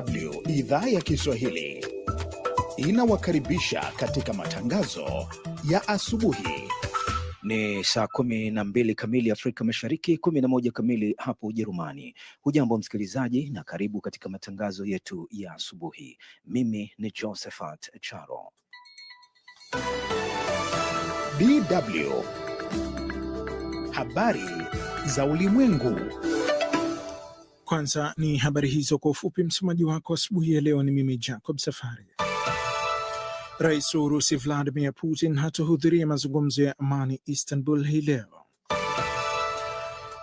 DW idhaa ya Kiswahili inawakaribisha katika matangazo ya asubuhi. Ni saa kumi na mbili kamili Afrika Mashariki, kumi na moja kamili hapo Ujerumani. Hujambo msikilizaji, na karibu katika matangazo yetu ya asubuhi. Mimi ni Josephat Charo. DW habari za ulimwengu kwanza ni habari hizo kwa ufupi. Msomaji wako asubuhi ya leo ni mimi Jacob Safari. Rais wa Urusi Vladimir Putin hatahudhuria mazungumzo ya amani Istanbul hii leo.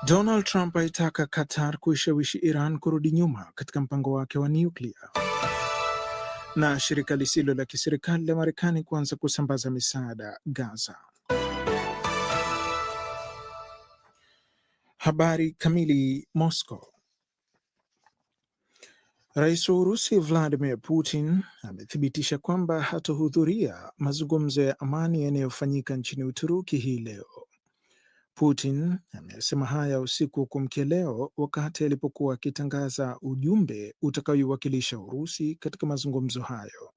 Donald Trump aitaka Qatar kuishawishi Iran kurudi nyuma katika mpango wake wa nyuklia, na shirika lisilo la kiserikali la Marekani kuanza kusambaza misaada Gaza. Habari kamili. Moscow Rais wa Urusi Vladimir Putin amethibitisha kwamba hatahudhuria mazungumzo ya amani yanayofanyika nchini Uturuki hii leo. Putin amesema haya usiku wa kuamkia leo wakati alipokuwa akitangaza ujumbe utakaoiwakilisha Urusi katika mazungumzo hayo.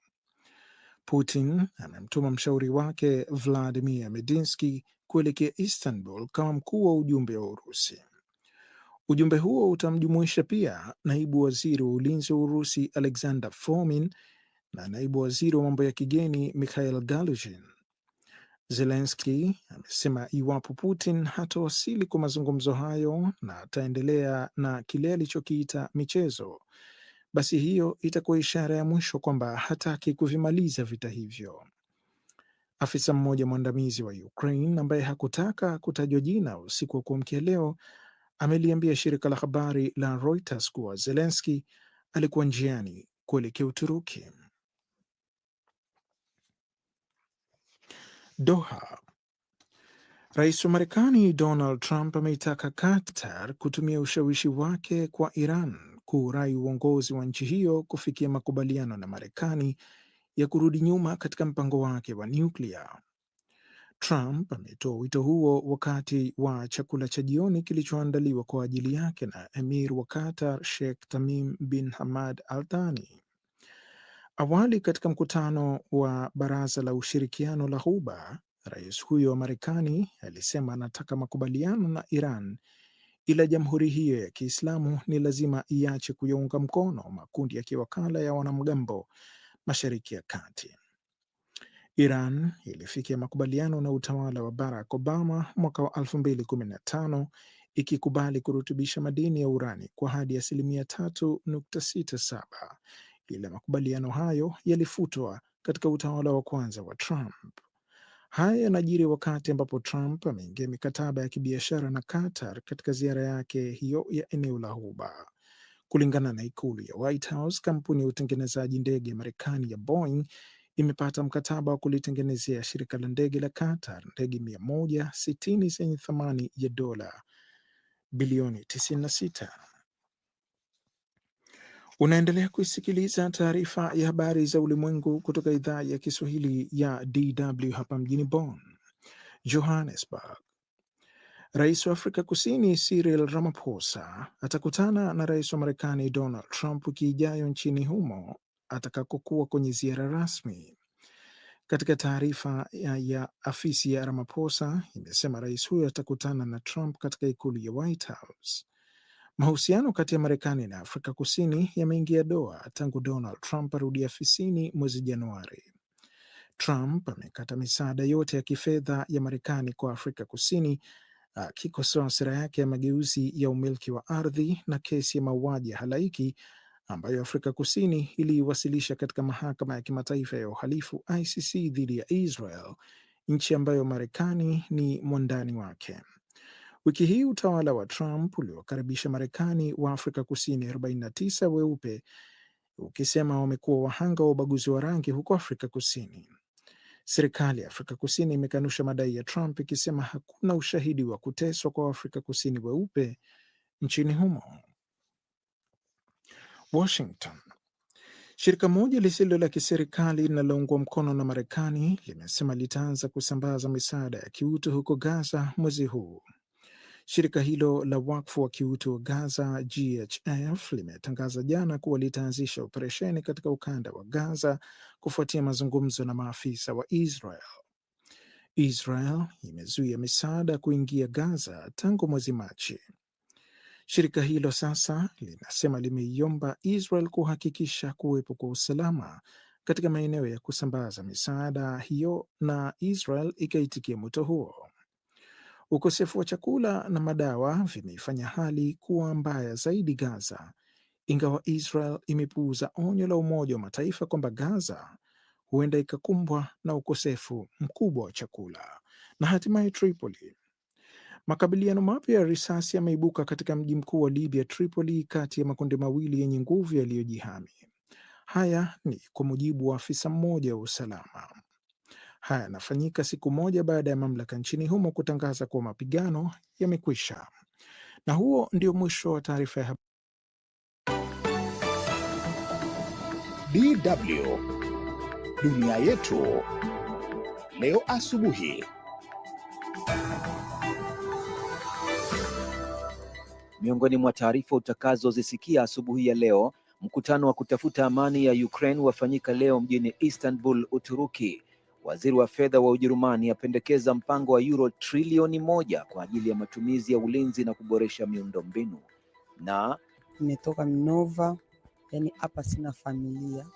Putin amemtuma mshauri wake Vladimir Medinsky kuelekea Istanbul kama mkuu wa ujumbe wa Urusi. Ujumbe huo utamjumuisha pia naibu waziri wa ulinzi wa Urusi Alexander Fomin na naibu waziri wa mambo ya kigeni Mikhail Galuzhin. Zelenski amesema iwapo Putin hatawasili kwa mazungumzo hayo na ataendelea na kile alichokiita michezo, basi hiyo itakuwa ishara ya mwisho kwamba hataki kuvimaliza vita hivyo. Afisa mmoja mwandamizi wa Ukraine ambaye hakutaka kutajwa jina usiku wa kuamkia leo ameliambia shirika la habari la Reuters kuwa Zelensky alikuwa njiani kuelekea Uturuki. Doha. Rais wa Marekani Donald Trump ameitaka Qatar kutumia ushawishi wake kwa Iran kuurai uongozi wa nchi hiyo kufikia makubaliano na Marekani ya kurudi nyuma katika mpango wake wa nyuklia. Trump ametoa wito huo wakati wa chakula cha jioni kilichoandaliwa kwa ajili yake na Emir wa Qatar Sheikh Tamim bin Hamad Al Thani. Awali katika mkutano wa Baraza la Ushirikiano la Ghuba, rais huyo wa Marekani alisema anataka makubaliano na Iran, ila jamhuri hiyo ya Kiislamu ni lazima iache kuyaunga mkono makundi ya kiwakala ya wanamgambo Mashariki ya Kati. Iran ilifikia makubaliano na utawala wa Barack Obama mwaka wa 2015 ikikubali kurutubisha madini ya urani kwa hadi asilimia 3.67 ila makubaliano hayo yalifutwa katika utawala wa kwanza wa Trump. Haya yanajiri wakati ambapo Trump ameingia mikataba ya kibiashara na Qatar katika ziara yake hiyo ya eneo la Ghuba. Kulingana na ikulu ya White House, kampuni ya utengenezaji ndege ya Marekani ya Boeing imepata mkataba wa kulitengenezea shirika la ndege la Qatar ndege mia moja sitini zenye thamani ya dola bilioni 96. Unaendelea kuisikiliza taarifa ya habari za ulimwengu kutoka idhaa ya Kiswahili ya DW hapa mjini Bonn, Johannesburg. Rais wa Afrika Kusini Cyril Ramaphosa atakutana na rais wa Marekani Donald Trump wiki ijayo nchini humo atakakokuwa kwenye ziara rasmi. Katika taarifa ya, ya afisi ya Ramaphosa imesema rais huyo atakutana na Trump katika ikulu ya White House. Mahusiano kati ya Marekani na Afrika Kusini yameingia doa tangu Donald Trump arudi afisini mwezi Januari. Trump amekata misaada yote ya kifedha ya Marekani kwa Afrika Kusini, akikosoa sera yake ya mageuzi ya umiliki wa ardhi na kesi ya mauaji ya halaiki ambayo Afrika Kusini iliiwasilisha katika mahakama ya kimataifa ya uhalifu ICC dhidi ya Israel, nchi ambayo Marekani ni mwandani wake. Wiki hii utawala wa Trump uliokaribisha Marekani wa Afrika Kusini 49 weupe ukisema wamekuwa wahanga wa ubaguzi wa rangi huko Afrika Kusini. Serikali ya Afrika Kusini imekanusha madai ya Trump ikisema hakuna ushahidi wa kuteswa kwa Waafrika Kusini weupe nchini humo. Washington. Shirika moja lisilo la kiserikali linaloungwa mkono na Marekani limesema litaanza kusambaza misaada ya kiutu huko Gaza mwezi huu. Shirika hilo la wakfu wa kiutu wa Gaza, GHF, limetangaza jana kuwa litaanzisha operesheni katika ukanda wa Gaza kufuatia mazungumzo na maafisa wa Israel. Israel imezuia misaada kuingia Gaza tangu mwezi Machi. Shirika hilo sasa linasema limeiomba Israel kuhakikisha kuwepo kwa usalama katika maeneo ya kusambaza misaada hiyo na Israel ikaitikia mwito huo. Ukosefu wa chakula na madawa vimeifanya hali kuwa mbaya zaidi Gaza, ingawa Israel imepuuza onyo la Umoja wa Mataifa kwamba Gaza huenda ikakumbwa na ukosefu mkubwa wa chakula. Na hatimaye Tripoli Makabiliano mapya ya risasi yameibuka katika mji mkuu wa Libya, Tripoli, kati ya makundi mawili yenye nguvu yaliyojihami. Haya ni kwa mujibu wa afisa mmoja wa usalama. Haya yanafanyika siku moja baada ya mamlaka nchini humo kutangaza kuwa mapigano yamekwisha. Na huo ndio mwisho wa taarifa ya habari. DW Dunia Yetu Leo Asubuhi. Miongoni mwa taarifa utakazozisikia asubuhi ya leo, mkutano wa kutafuta amani ya Ukraine wafanyika leo mjini Istanbul, Uturuki. Waziri wa fedha wa Ujerumani apendekeza mpango wa euro trilioni moja kwa ajili ya matumizi ya ulinzi na kuboresha miundombinu. Na nimetoka Minova, yani hapa sina familia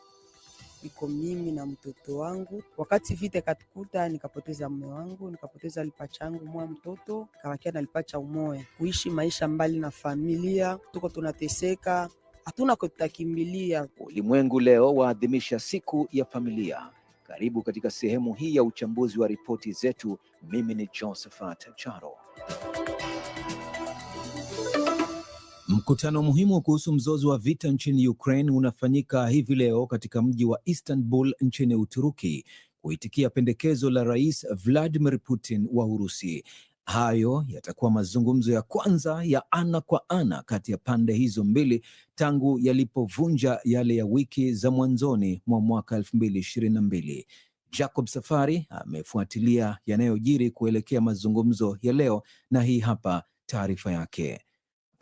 iko mimi na mtoto wangu. Wakati vita ikatukuta, nikapoteza mume wangu, nikapoteza lipa changu mwa mtoto, kawakia na lipa cha umoya, kuishi maisha mbali na familia, tuko tunateseka, hatuna kutakimbilia. Ulimwengu leo waadhimisha siku ya familia. Karibu katika sehemu hii ya uchambuzi wa ripoti zetu. Mimi ni Josephat Charo. Mkutano muhimu kuhusu mzozo wa vita nchini Ukraine unafanyika hivi leo katika mji wa Istanbul nchini Uturuki kuitikia pendekezo la Rais Vladimir Putin wa Urusi. Hayo yatakuwa mazungumzo ya kwanza ya ana kwa ana kati ya pande hizo mbili tangu yalipovunja yale ya wiki za mwanzoni mwa mwaka 2022. Jacob Safari amefuatilia yanayojiri kuelekea mazungumzo ya leo na hii hapa taarifa yake.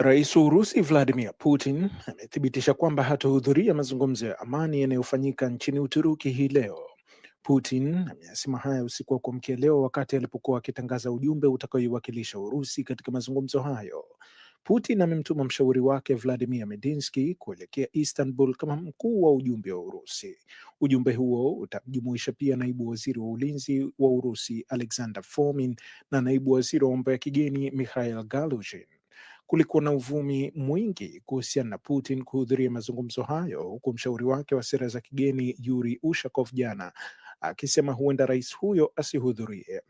Rais wa Urusi Vladimir Putin amethibitisha kwamba hatahudhuria mazungumzo ya amani yanayofanyika nchini Uturuki hii leo. Putin ameyasema haya usiku wa kuamkia leo wakati alipokuwa akitangaza ujumbe utakaoiwakilisha Urusi katika mazungumzo hayo. Putin amemtuma mshauri wake Vladimir Medinsky kuelekea Istanbul kama mkuu wa ujumbe wa Urusi. Ujumbe huo utajumuisha pia naibu waziri wa ulinzi wa Urusi Alexander Fomin na naibu waziri wa mambo ya kigeni Mikhail Galugin kulikuwa na uvumi mwingi kuhusiana na Putin kuhudhuria mazungumzo hayo, huku mshauri wake wa sera za kigeni Yuri Ushakov jana akisema huenda rais huyo asihudhurie.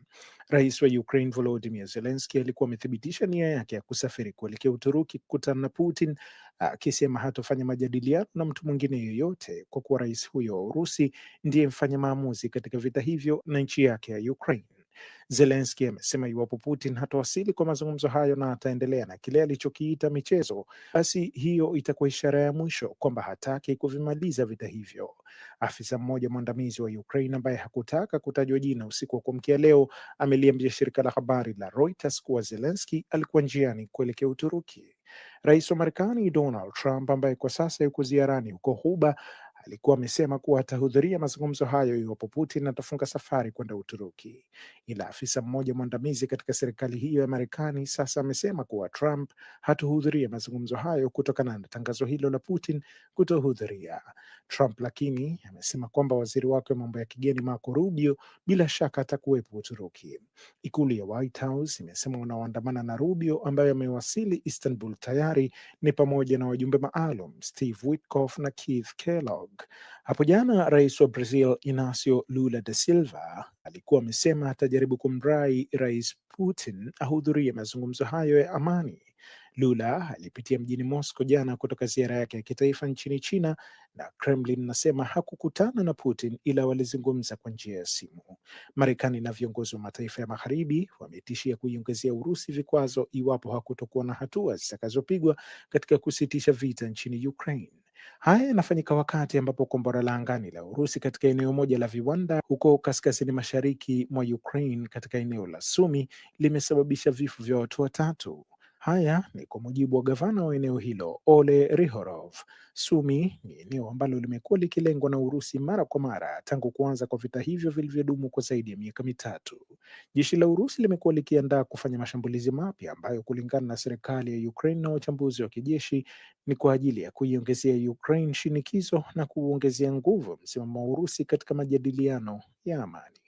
Rais wa Ukraine Volodymyr Zelensky alikuwa amethibitisha nia yake ya kusafiri kuelekea Uturuki kukutana na Putin, akisema hatofanya majadiliano na mtu mwingine yoyote, kwa kuwa rais huyo wa Urusi ndiye mfanya maamuzi katika vita hivyo na nchi yake ya Ukraine. Zelenski amesema iwapo Putin hatawasili kwa mazungumzo hayo na ataendelea na kile alichokiita michezo, basi hiyo itakuwa ishara ya mwisho kwamba hataki kuvimaliza vita hivyo. Afisa mmoja mwandamizi wa Ukraine ambaye hakutaka kutajwa jina, usiku wa kuamkia leo ameliambia shirika la habari la Reuters kuwa Zelenski alikuwa njiani kuelekea Uturuki. Rais wa Marekani Donald Trump ambaye kwa sasa yuko ziarani huko Huba alikuwa amesema kuwa atahudhuria mazungumzo hayo iwapo Putin atafunga safari kwenda Uturuki. Ila afisa mmoja mwandamizi katika serikali hiyo ya Marekani sasa amesema kuwa Trump hatuhudhuria mazungumzo hayo kutokana na tangazo hilo la Putin kutohudhuria. Trump lakini amesema kwamba waziri wake wa mambo ya kigeni Marco Rubio bila shaka atakuwepo Uturuki. Ikulu ya White House imesema wanaoandamana na Rubio ambaye amewasili Istanbul tayari ni pamoja na wajumbe maalum Steve Witkoff na Keith Kellogg. Hapo jana rais wa Brazil Inacio Lula da Silva alikuwa amesema atajaribu kumrai rais Putin ahudhurie mazungumzo hayo ya amani. Lula alipitia mjini Moscow jana kutoka ziara yake ya kitaifa nchini China, na Kremlin nasema hakukutana na Putin ila walizungumza kwa njia ya simu. Marekani na viongozi wa mataifa ya magharibi wametishia kuiongezea Urusi vikwazo iwapo hakutokuwa na hatua zitakazopigwa katika kusitisha vita nchini Ukraine. Haya yanafanyika wakati ambapo kombora la angani la Urusi katika eneo moja la viwanda huko kaskazini mashariki mwa Ukraine katika eneo la Sumi limesababisha vifo vya watu watatu. Haya ni kwa mujibu wa gavana wa eneo hilo Ole Rihorov. Sumi ni eneo ambalo limekuwa likilengwa na Urusi mara kwa mara tangu kuanza kwa vita hivyo vilivyodumu kwa zaidi ya miaka mitatu. Jeshi la Urusi limekuwa likiandaa kufanya mashambulizi mapya ambayo, kulingana na serikali ya Ukraine na wachambuzi wa kijeshi, ni kwa ajili ya kuiongezea Ukraine shinikizo na kuongezea nguvu msimamo wa Urusi katika majadiliano ya amani.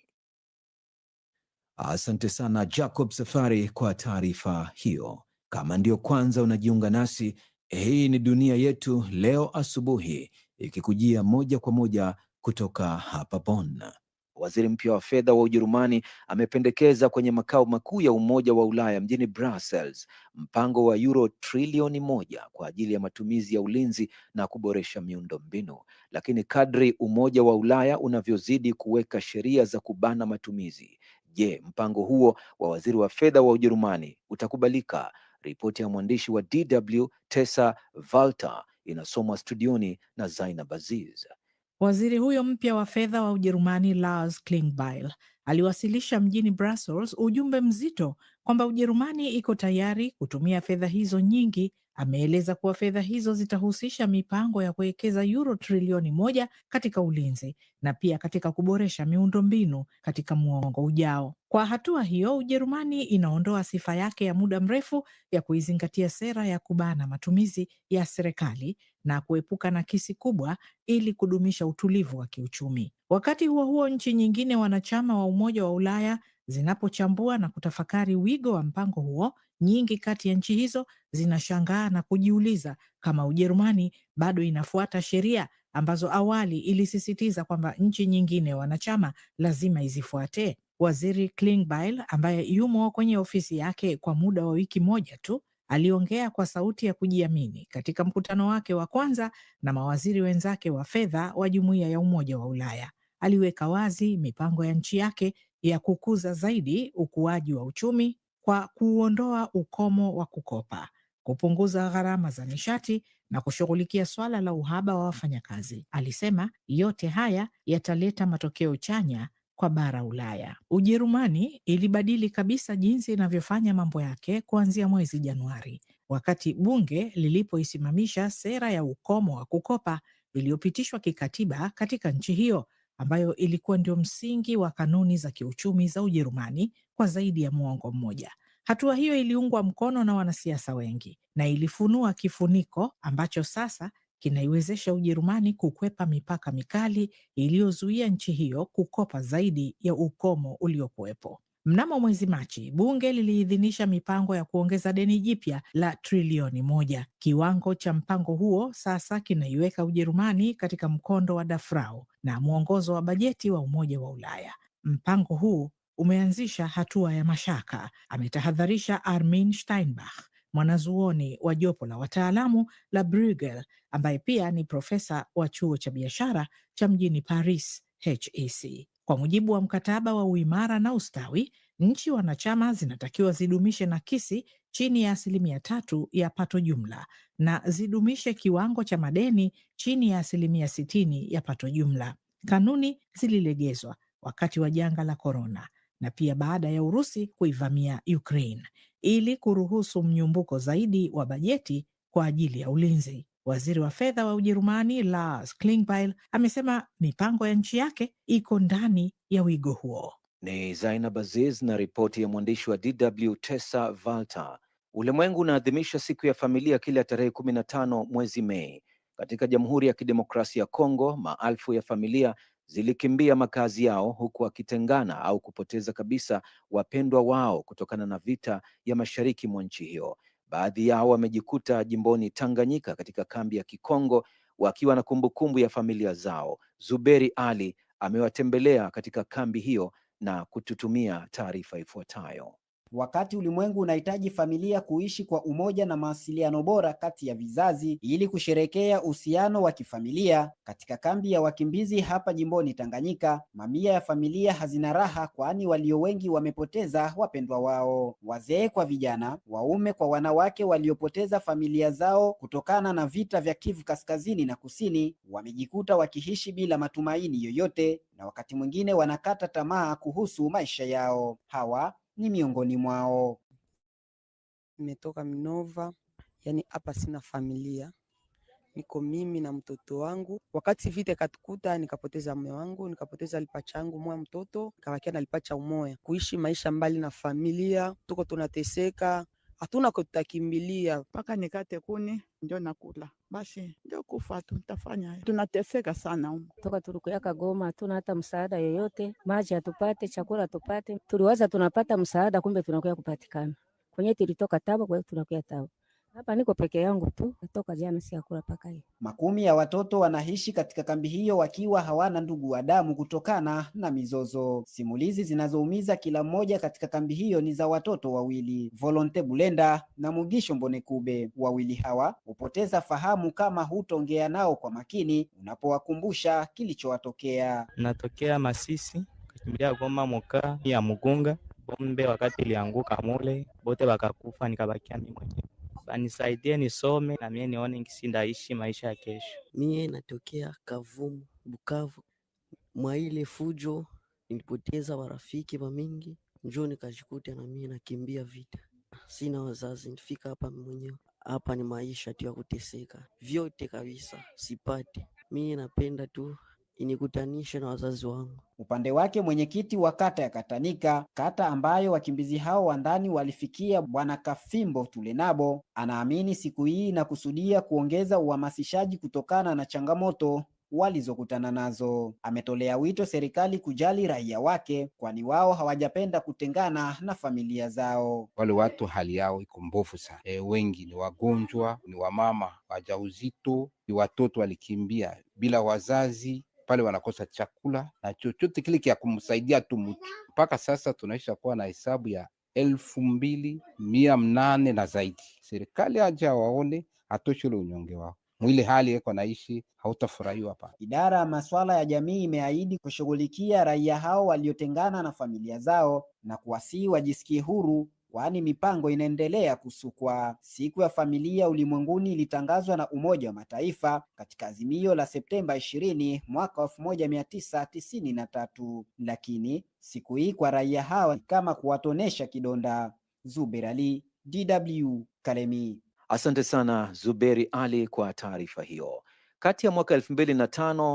Asante sana Jacob Safari kwa taarifa hiyo. Kama ndio kwanza unajiunga nasi, hii ni Dunia Yetu Leo Asubuhi, ikikujia moja kwa moja kutoka hapa Bonn. Waziri mpya wa fedha wa Ujerumani amependekeza kwenye makao makuu ya Umoja wa Ulaya mjini Brussels mpango wa euro trilioni moja kwa ajili ya matumizi ya ulinzi na kuboresha miundombinu. Lakini kadri Umoja wa Ulaya unavyozidi kuweka sheria za kubana matumizi, je, mpango huo wa waziri wa fedha wa Ujerumani utakubalika? Ripoti ya mwandishi wa DW Tessa Valta inasomwa studioni na Zainab Aziz. Waziri huyo mpya wa fedha wa Ujerumani Lars Klingbeil aliwasilisha mjini Brussels ujumbe mzito kwamba Ujerumani iko tayari kutumia fedha hizo nyingi ameeleza kuwa fedha hizo zitahusisha mipango ya kuwekeza yuro trilioni moja katika ulinzi na pia katika kuboresha miundombinu katika mwongo ujao. Kwa hatua hiyo, Ujerumani inaondoa sifa yake ya muda mrefu ya kuizingatia sera ya kubana matumizi ya serikali na kuepuka nakisi kubwa ili kudumisha utulivu wa kiuchumi. Wakati huo huo, nchi nyingine wanachama wa Umoja wa Ulaya zinapochambua na kutafakari wigo wa mpango huo, Nyingi kati ya nchi hizo zinashangaa na kujiuliza kama Ujerumani bado inafuata sheria ambazo awali ilisisitiza kwamba nchi nyingine wanachama lazima izifuate. Waziri Klingbeil ambaye yumo kwenye ofisi yake kwa muda wa wiki moja tu aliongea kwa sauti ya kujiamini katika mkutano wake wa kwanza na mawaziri wenzake wa fedha wa Jumuiya ya Umoja wa Ulaya. Aliweka wazi mipango ya nchi yake ya kukuza zaidi ukuaji wa uchumi kwa kuondoa ukomo wa kukopa, kupunguza gharama za nishati na kushughulikia swala la uhaba wa wafanyakazi. Alisema yote haya yataleta matokeo chanya kwa bara Ulaya. Ujerumani ilibadili kabisa jinsi inavyofanya mambo yake kuanzia mwezi Januari, wakati bunge lilipoisimamisha sera ya ukomo wa kukopa iliyopitishwa kikatiba katika nchi hiyo ambayo ilikuwa ndio msingi wa kanuni za kiuchumi za Ujerumani kwa zaidi ya muongo mmoja. Hatua hiyo iliungwa mkono na wanasiasa wengi na ilifunua kifuniko ambacho sasa kinaiwezesha Ujerumani kukwepa mipaka mikali iliyozuia nchi hiyo kukopa zaidi ya ukomo uliokuwepo. Mnamo mwezi Machi, bunge liliidhinisha mipango ya kuongeza deni jipya la trilioni moja. Kiwango cha mpango huo sasa kinaiweka Ujerumani katika mkondo wa dafrau na mwongozo wa bajeti wa Umoja wa Ulaya. Mpango huu umeanzisha hatua ya mashaka, ametahadharisha Armin Steinbach, mwanazuoni wa jopo la wataalamu la Bruegel ambaye pia ni profesa wa chuo cha biashara cha mjini Paris HEC. Kwa mujibu wa mkataba wa uimara na ustawi, nchi wanachama zinatakiwa zidumishe nakisi chini ya asilimia tatu ya pato jumla na zidumishe kiwango cha madeni chini ya asilimia sitini ya pato jumla. Kanuni zililegezwa wakati wa janga la korona na pia baada ya Urusi kuivamia Ukraine ili kuruhusu mnyumbuko zaidi wa bajeti kwa ajili ya ulinzi. Waziri wa fedha wa Ujerumani Lars Klingbeil amesema mipango ya nchi yake iko ndani ya wigo huo. Ni Zainab Aziz na ripoti ya mwandishi wa DW Tessa Valter. Ulimwengu unaadhimisha siku ya familia kila tarehe kumi na tano mwezi Mei. Katika Jamhuri ya Kidemokrasia ya Kongo, maelfu ya familia zilikimbia makazi yao huku wakitengana au kupoteza kabisa wapendwa wao kutokana na vita ya mashariki mwa nchi hiyo. Baadhi yao wamejikuta jimboni Tanganyika katika kambi ya Kikongo wakiwa na kumbukumbu ya familia zao. Zuberi Ali amewatembelea katika kambi hiyo na kututumia taarifa ifuatayo. Wakati ulimwengu unahitaji familia kuishi kwa umoja na mawasiliano bora kati ya vizazi ili kusherekea uhusiano wa kifamilia, katika kambi ya wakimbizi hapa jimboni Tanganyika, mamia ya familia hazina raha, kwani walio wengi wamepoteza wapendwa wao, wazee kwa vijana, waume kwa wanawake. Waliopoteza familia zao kutokana na vita vya Kivu Kaskazini na Kusini wamejikuta wakiishi bila matumaini yoyote, na wakati mwingine wanakata tamaa kuhusu maisha yao. Hawa ni miongoni mwao. Nimetoka Minova, yani hapa sina familia, niko mimi na mtoto wangu. Wakati vita katukuta nikapoteza mume wangu, nikapoteza lipacha yangu moya, mtoto kawakia na lipacha umoya, kuishi maisha mbali na familia, tuko tunateseka hatuna kutakimbilia mpaka nikate kuni ndio nakula basi ndio kufa tu, nitafanya tunateseka sana umu. Toka tulikuyaka Goma hatuna hata msaada yoyote, maji hatupate, chakula hatupate. Tuliwaza tunapata msaada, kumbe tunakuya kupatikana kwenye tulitoka tabo, kwa hiyo tunakuya tabo. Hapa niko peke yangu tu, natoka jana siakula paka hiyo. Makumi ya watoto wanaishi katika kambi hiyo wakiwa hawana ndugu wa damu kutokana na mizozo. Simulizi zinazoumiza kila mmoja katika kambi hiyo ni za watoto wawili, Volonte Bulenda na Mugisho Mbonekube. Wawili hawa hupoteza fahamu kama hutongea nao kwa makini unapowakumbusha kilichowatokea. Natokea Masisi kakimbilia Goma moka ya Mugunga, bombe wakati ilianguka mule bote wakakufa, nikabakia mimi mwenyewe anisaidie nisome na mie nione ngisi ndaishi maisha ya kesho. Mie natokea Kavumu, Bukavu. Mwa ile fujo nilipoteza warafiki wa mingi, njo nikajikuta na mie nakimbia vita. Sina wazazi, nifika hapa mwenyewe. Hapa ni maisha tu ya kuteseka, vyote kabisa sipati. Mie napenda tu inikutanishe na wazazi wangu. Upande wake mwenyekiti wa kata ya Katanika, kata ambayo wakimbizi hao wa ndani walifikia, Bwana Kafimbo Tulenabo anaamini siku hii inakusudia kuongeza uhamasishaji kutokana na changamoto walizokutana nazo. Ametolea wito serikali kujali raia wake, kwani wao hawajapenda kutengana na familia zao. Wale watu hali yao iko mbovu sana. E, wengi ni wagonjwa, ni wamama wajauzito, ni watoto walikimbia bila wazazi pale wanakosa chakula na chochote kile kia kumsaidia tu mtu. Mpaka sasa tunaisha kuwa na hesabu ya elfu mbili mia mnane na zaidi. Serikali haja waone atoshe ule unyonge wao mwili hali eko naishi hautafurahiwa pa. Idara ya masuala ya jamii imeahidi kushughulikia raia hao waliotengana na familia zao na kuwasihi wajisikie huru kwani mipango inaendelea kusukwa. Siku ya familia ulimwenguni ilitangazwa na Umoja wa Mataifa katika azimio la Septemba 20 mwaka 1993, lakini siku hii kwa raia hawa kama kuwatonesha kidonda. Zuber Ali, DW, Kalemi. Asante sana Zuberi Ali kwa taarifa hiyo. Kati ya mwaka 2005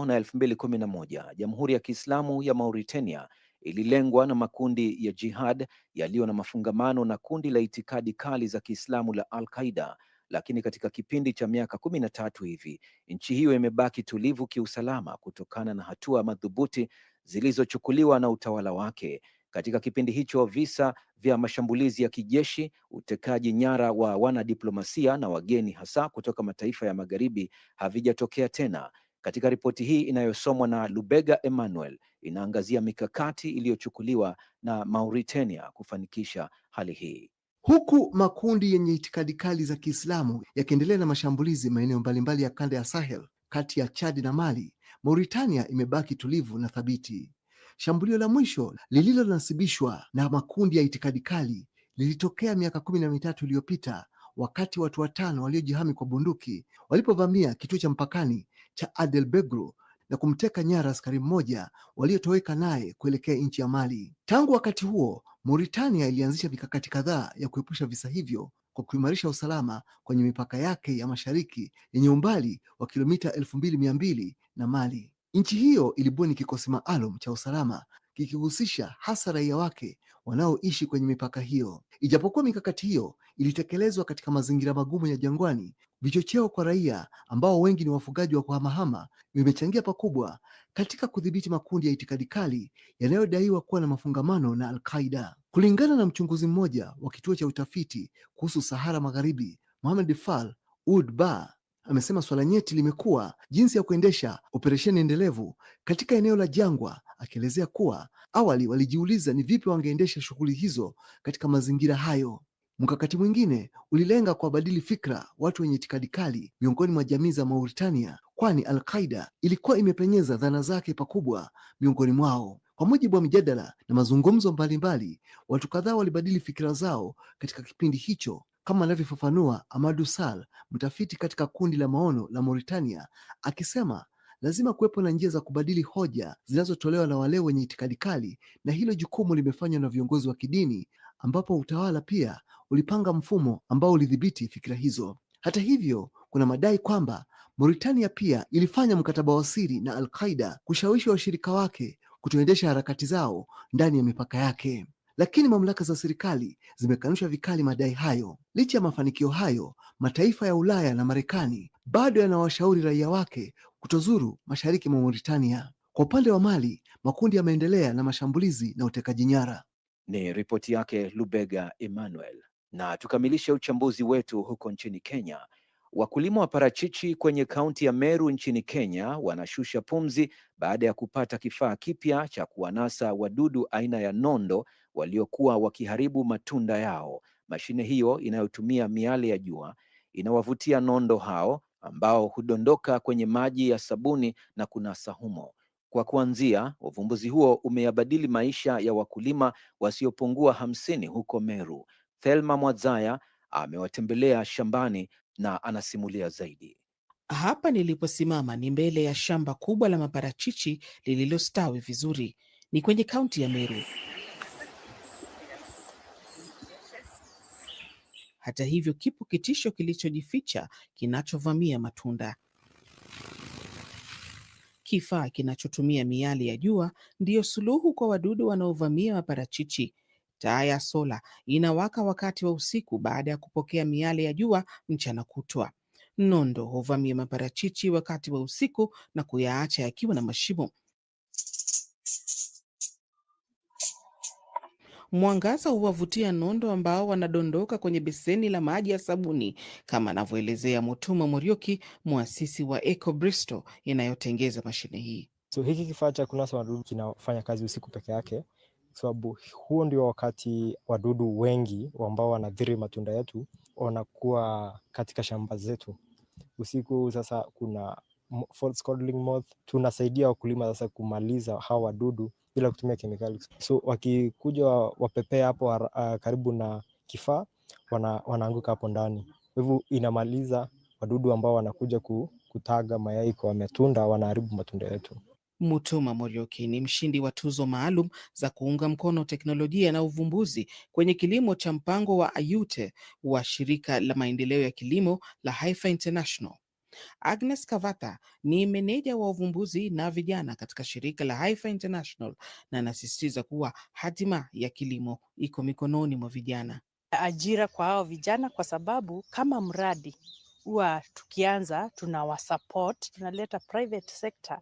na 2011 Jamhuri ya Kiislamu ya Mauritania ililengwa na makundi ya jihad yaliyo na mafungamano na kundi la itikadi kali za Kiislamu la Al-Qaida, lakini katika kipindi cha miaka kumi na tatu hivi nchi hiyo imebaki tulivu kiusalama kutokana na hatua madhubuti zilizochukuliwa na utawala wake. Katika kipindi hicho visa vya mashambulizi ya kijeshi, utekaji nyara wa wanadiplomasia na wageni hasa kutoka mataifa ya magharibi havijatokea tena. Katika ripoti hii inayosomwa na Lubega Emmanuel inaangazia mikakati iliyochukuliwa na Mauritania kufanikisha hali hii. Huku makundi yenye itikadi kali za Kiislamu yakiendelea na mashambulizi maeneo mbalimbali ya kanda ya Sahel kati ya Chad na Mali, Mauritania imebaki tulivu na thabiti. Shambulio la mwisho lililonasibishwa na makundi ya itikadi kali lilitokea miaka kumi na mitatu iliyopita wakati watu watano waliojihami kwa bunduki walipovamia kituo cha mpakani cha Adelbegro na kumteka nyara askari mmoja waliotoweka naye kuelekea nchi ya Mali. Tangu wakati huo, Mauritania ilianzisha mikakati kadhaa ya kuepusha visa hivyo kwa kuimarisha usalama kwenye mipaka yake ya mashariki yenye umbali wa kilomita elfu mbili mia mbili na Mali. Nchi hiyo ilibuni kikosi maalum cha usalama kikihusisha hasa raia wake wanaoishi kwenye mipaka hiyo. Ijapokuwa mikakati hiyo ilitekelezwa katika mazingira magumu ya jangwani, vichocheo kwa raia ambao wengi ni wafugaji wa kuhamahama vimechangia pakubwa katika kudhibiti makundi ya itikadi kali yanayodaiwa kuwa na mafungamano na alqaida Kulingana na mchunguzi mmoja wa kituo cha utafiti kuhusu Sahara Magharibi, Mohamed Fal Ud Ba amesema swala nyeti limekuwa jinsi ya kuendesha operesheni endelevu katika eneo la jangwa, akielezea kuwa Awali walijiuliza ni vipi wangeendesha shughuli hizo katika mazingira hayo. Mkakati mwingine ulilenga kuwabadili fikra watu wenye itikadi kali miongoni mwa jamii za Mauritania, kwani Al-Qaida ilikuwa imepenyeza dhana zake pakubwa miongoni mwao. Kwa mujibu wa mjadala na mazungumzo mbalimbali, watu kadhaa walibadili fikira zao katika kipindi hicho, kama anavyofafanua Amadu Sal, mtafiti katika kundi la maono la Mauritania, akisema lazima kuwepo na njia za kubadili hoja zinazotolewa na wale wenye itikadi kali, na hilo jukumu limefanywa na viongozi wa kidini, ambapo utawala pia ulipanga mfumo ambao ulidhibiti fikira hizo. Hata hivyo, kuna madai kwamba Mauritania pia ilifanya mkataba wa siri na Al-Qaida kushawishi washirika wake kutoendesha harakati zao ndani ya mipaka yake, lakini mamlaka za serikali zimekanusha vikali madai hayo. Licha ya mafanikio hayo, mataifa ya Ulaya na Marekani bado yanawashauri raia wake kutozuru mashariki mwa Mauritania. Kwa upande wa Mali, makundi yameendelea na mashambulizi na utekaji nyara. Ni ripoti yake Lubega Emmanuel. Na tukamilishe uchambuzi wetu huko nchini Kenya. Wakulima wa parachichi kwenye kaunti ya Meru nchini Kenya wanashusha pumzi baada ya kupata kifaa kipya cha kuwanasa wadudu aina ya nondo waliokuwa wakiharibu matunda yao. Mashine hiyo inayotumia miale ya jua inawavutia nondo hao ambao hudondoka kwenye maji ya sabuni na kunasa humo. Kwa kuanzia, uvumbuzi huo umeyabadili maisha ya wakulima wasiopungua hamsini huko Meru. Thelma Mwadzaya amewatembelea shambani na anasimulia zaidi. Hapa niliposimama ni mbele ya shamba kubwa la maparachichi lililostawi vizuri, ni kwenye kaunti ya Meru. Hata hivyo, kipo kitisho kilichojificha kinachovamia matunda. Kifaa kinachotumia miali ya jua ndiyo suluhu kwa wadudu wanaovamia maparachichi. Taa ya sola inawaka wakati wa usiku baada ya kupokea miale ya jua mchana kutwa. Nondo huvamia maparachichi wakati wa usiku na kuyaacha yakiwa na mashimo. Mwangaza huwavutia nondo ambao wanadondoka kwenye beseni la maji ya sabuni, kama anavyoelezea Mutuma Murioki, mwasisi wa Eco Bristol inayotengeza mashine hii. So hiki kifaa cha kunasa wadudu kinafanya kazi usiku peke yake, kwa sababu huo ndio wakati wadudu wengi ambao wanadhiri matunda yetu wanakuwa katika shamba zetu usiku. Sasa kuna false codling moth, tunasaidia wakulima sasa kumaliza hawa wadudu bila kutumia kemikali. So wakikuja wapepea hapo uh, karibu na kifaa wana, wanaanguka hapo ndani. Kwa hivyo inamaliza wadudu ambao wanakuja kutaga mayai kwa matunda, wanaharibu matunda yetu. Mutuma Morioki ni mshindi wa tuzo maalum za kuunga mkono teknolojia na uvumbuzi kwenye kilimo cha mpango wa AYUTE wa shirika la maendeleo ya kilimo la Haifa International. Agnes Kavata ni meneja wa uvumbuzi na vijana katika shirika la Haifa International na anasisitiza kuwa hatima ya kilimo iko mikononi mwa vijana. Ajira kwa hao vijana, kwa sababu kama mradi huwa tukianza tunawasupport, tunaleta private sector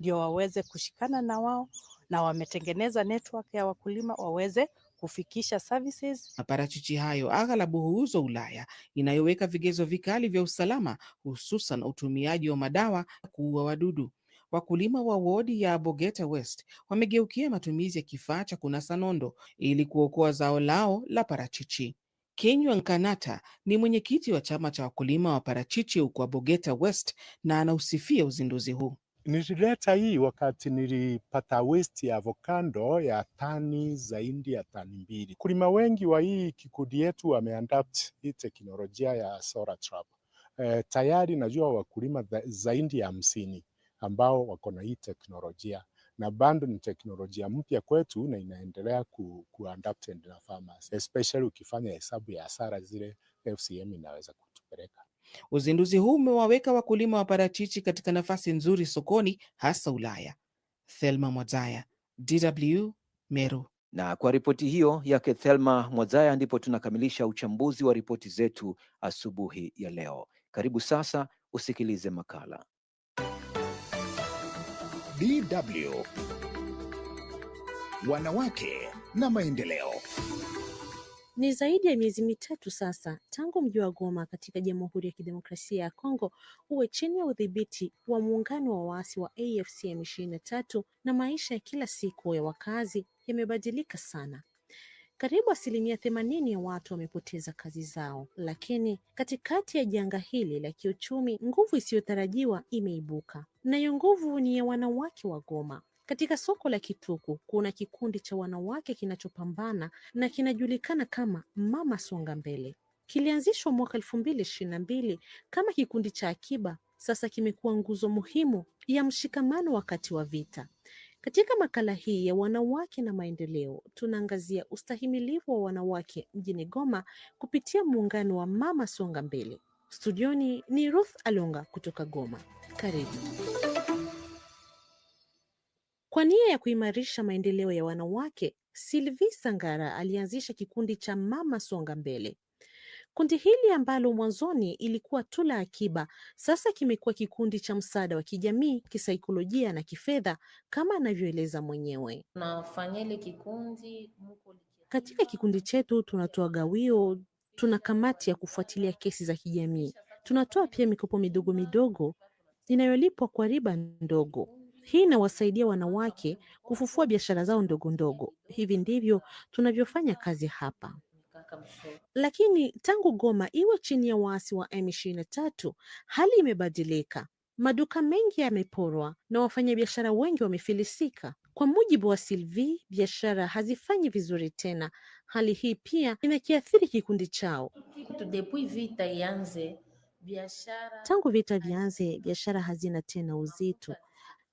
ndio waweze kushikana na wao, na wametengeneza network ya wakulima waweze kufikisha services. Maparachichi hayo aghalabu huuzwa Ulaya inayoweka vigezo vikali vya usalama, hususan utumiaji wa madawa kuua wadudu. Wakulima wa wodi ya Bogeta West wamegeukia matumizi ya kifaa cha kunasa nondo ili kuokoa zao lao la parachichi. Kenywa Nkanata ni mwenyekiti wa chama cha wakulima wa parachichi huko Bogeta West na anausifia uzinduzi huu. Nilileta hii wakati nilipata waste ya avocado ya tani zaidi ya tani mbili. Kulima wengi wa hii kikundi yetu wameadapt hii teknolojia ya solar trap. E, tayari najua wakulima zaidi ya hamsini ambao wako na hii teknolojia na bado ni teknolojia mpya kwetu na inaendelea ku, kuadapt na farmers especially ukifanya hesabu ya hasara zile FCM inaweza kutupeleka. Uzinduzi huu umewaweka wakulima wa parachichi katika nafasi nzuri sokoni, hasa Ulaya. Thelma Mwazaya, DW Meru. Na kwa ripoti hiyo yake Thelma Mwazaya, ndipo tunakamilisha uchambuzi wa ripoti zetu asubuhi ya leo. Karibu sasa usikilize makala DW wanawake na maendeleo. Ni zaidi ya miezi mitatu sasa tangu mji wa Goma katika Jamhuri ya Kidemokrasia ya Kongo uwe chini ya udhibiti wa muungano wa waasi wa AFC M23 na maisha ya kila siku ya wakazi yamebadilika sana. Karibu asilimia themanini ya watu wamepoteza kazi zao, lakini katikati ya janga hili la kiuchumi, nguvu isiyotarajiwa imeibuka, nayo nguvu ni ya wanawake wa Goma katika soko la Kituku kuna kikundi cha wanawake kinachopambana na kinajulikana kama Mama Songa Mbele. Kilianzishwa mwaka elfu mbili ishirini na mbili kama kikundi cha akiba, sasa kimekuwa nguzo muhimu ya mshikamano wakati wa vita. Katika makala hii ya wanawake na maendeleo, tunaangazia ustahimilivu wa wanawake mjini Goma kupitia muungano wa Mama Songa Mbele. Studioni ni Ruth Alonga kutoka Goma. Karibu. Kwa nia ya kuimarisha maendeleo ya wanawake, Sylvie Sangara alianzisha kikundi cha Mama Songa Mbele. Kundi hili ambalo mwanzoni ilikuwa tu la akiba, sasa kimekuwa kikundi cha msaada wa kijamii, kisaikolojia na kifedha kama anavyoeleza mwenyewe. Nafanya ile kikundi katika kikundi chetu tunatoa gawio, tuna kamati ya kufuatilia kesi za kijamii, tunatoa pia mikopo midogo midogo inayolipwa kwa riba ndogo. Hii inawasaidia wanawake kufufua biashara zao ndogo ndogo. Hivi ndivyo tunavyofanya kazi hapa. Lakini tangu Goma iwe chini ya waasi wa M23, hali imebadilika. Maduka mengi yameporwa na wafanyabiashara wengi wamefilisika. Kwa mujibu wa Sylvie, biashara hazifanyi vizuri tena. Hali hii pia inakiathiri kikundi chao. Tangu vita vianze, biashara hazina tena uzito.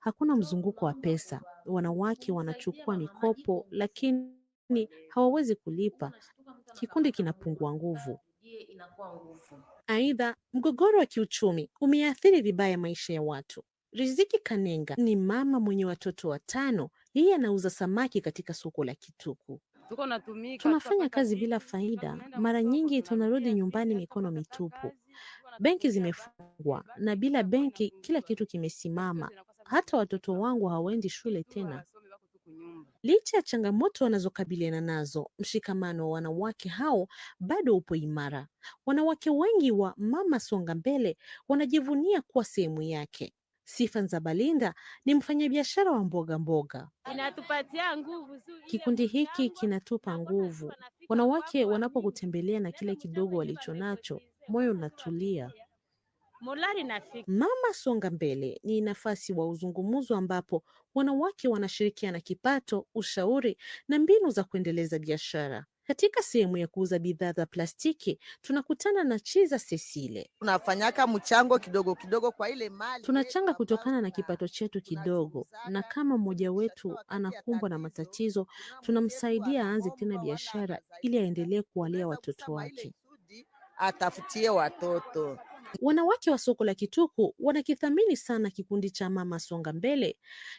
Hakuna mzunguko wa pesa. Wanawake wanachukua mikopo lakini hawawezi kulipa. Kikundi kinapungua nguvu. Aidha, mgogoro wa kiuchumi umeathiri vibaya maisha ya watu. Riziki Kanenga ni mama mwenye watoto watano. Yeye anauza samaki katika soko la Kituku. Tunafanya kazi bila faida, mara nyingi tunarudi nyumbani mikono mitupu. Benki zimefungwa na bila benki kila kitu kimesimama hata watoto wangu hawaendi shule tena. Licha ya changamoto wanazokabiliana nazo, mshikamano wa wanawake hao bado upo imara. Wanawake wengi wa Mama Songa Mbele wanajivunia kuwa sehemu yake. Sifa balinda ni mfanyabiashara wa mboga mboga. Inatupatia nguvu. Kikundi hiki kinatupa nguvu. Wanawake wanapokutembelea na kile kidogo walichonacho, moyo unatulia. Mama Songa Mbele ni nafasi wa uzungumuzo ambapo wanawake wanashirikiana kipato, ushauri na mbinu za kuendeleza biashara. Katika sehemu ya kuuza bidhaa za plastiki tunakutana na Chiza Cecile. Tunafanyaka mchango kidogo kidogo kwa ile mali, tunachanga kutokana na kipato chetu kidogo, na kama mmoja wetu anakumbwa na matatizo tunamsaidia aanze tena biashara ili aendelee kuwalea watoto wake, atafutie watoto Wanawake wa soko la Kituku wanakithamini sana kikundi cha Mama Songa Mbele,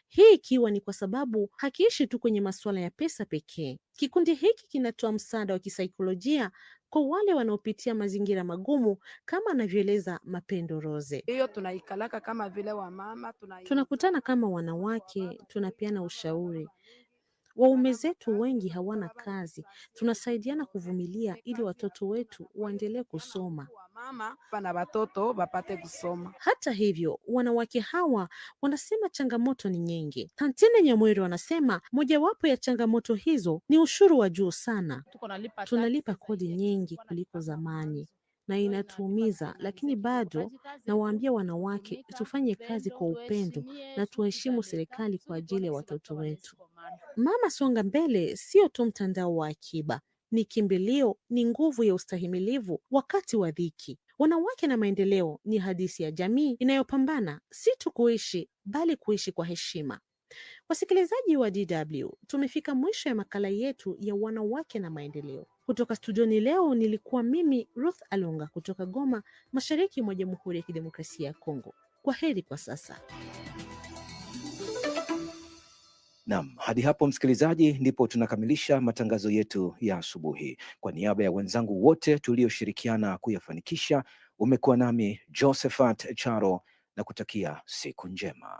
hii ikiwa ni kwa sababu hakiishi tu kwenye masuala ya pesa pekee. Kikundi hiki kinatoa msaada wa kisaikolojia kwa wale wanaopitia mazingira magumu kama anavyoeleza Mapendo Rose. Hiyo tunaikalaka kama vile wamama tuna... tunakutana kama wanawake, tunapeana ushauri waume zetu wengi hawana kazi, tunasaidiana kuvumilia ili watoto wetu waendelee kusoma mama na watoto wapate kusoma. Hata hivyo, wanawake hawa wanasema changamoto ni nyingi. Tantine Nyamweri wanasema mojawapo ya changamoto hizo ni ushuru wa juu sana. Tunalipa kodi nyingi kuliko zamani na inatuumiza, lakini bado nawaambia wanawake tufanye kazi kwa upendo na tuheshimu serikali kwa ajili ya watoto wetu. Mama Songa Mbele sio tu mtandao wa akiba ni kimbilio, ni nguvu ya ustahimilivu wakati wa dhiki. Wanawake na Maendeleo ni hadithi ya jamii inayopambana si tu kuishi, bali kuishi kwa heshima. Wasikilizaji wa DW, tumefika mwisho ya makala yetu ya Wanawake na Maendeleo. Kutoka studioni leo nilikuwa mimi Ruth Alonga kutoka Goma, mashariki mwa Jamhuri ya Kidemokrasia ya Kongo. Kwa heri kwa sasa. Naam, hadi hapo msikilizaji, ndipo tunakamilisha matangazo yetu ya asubuhi. Kwa niaba ya wenzangu wote tulioshirikiana kuyafanikisha, umekuwa nami Josephat Charo na kutakia siku njema.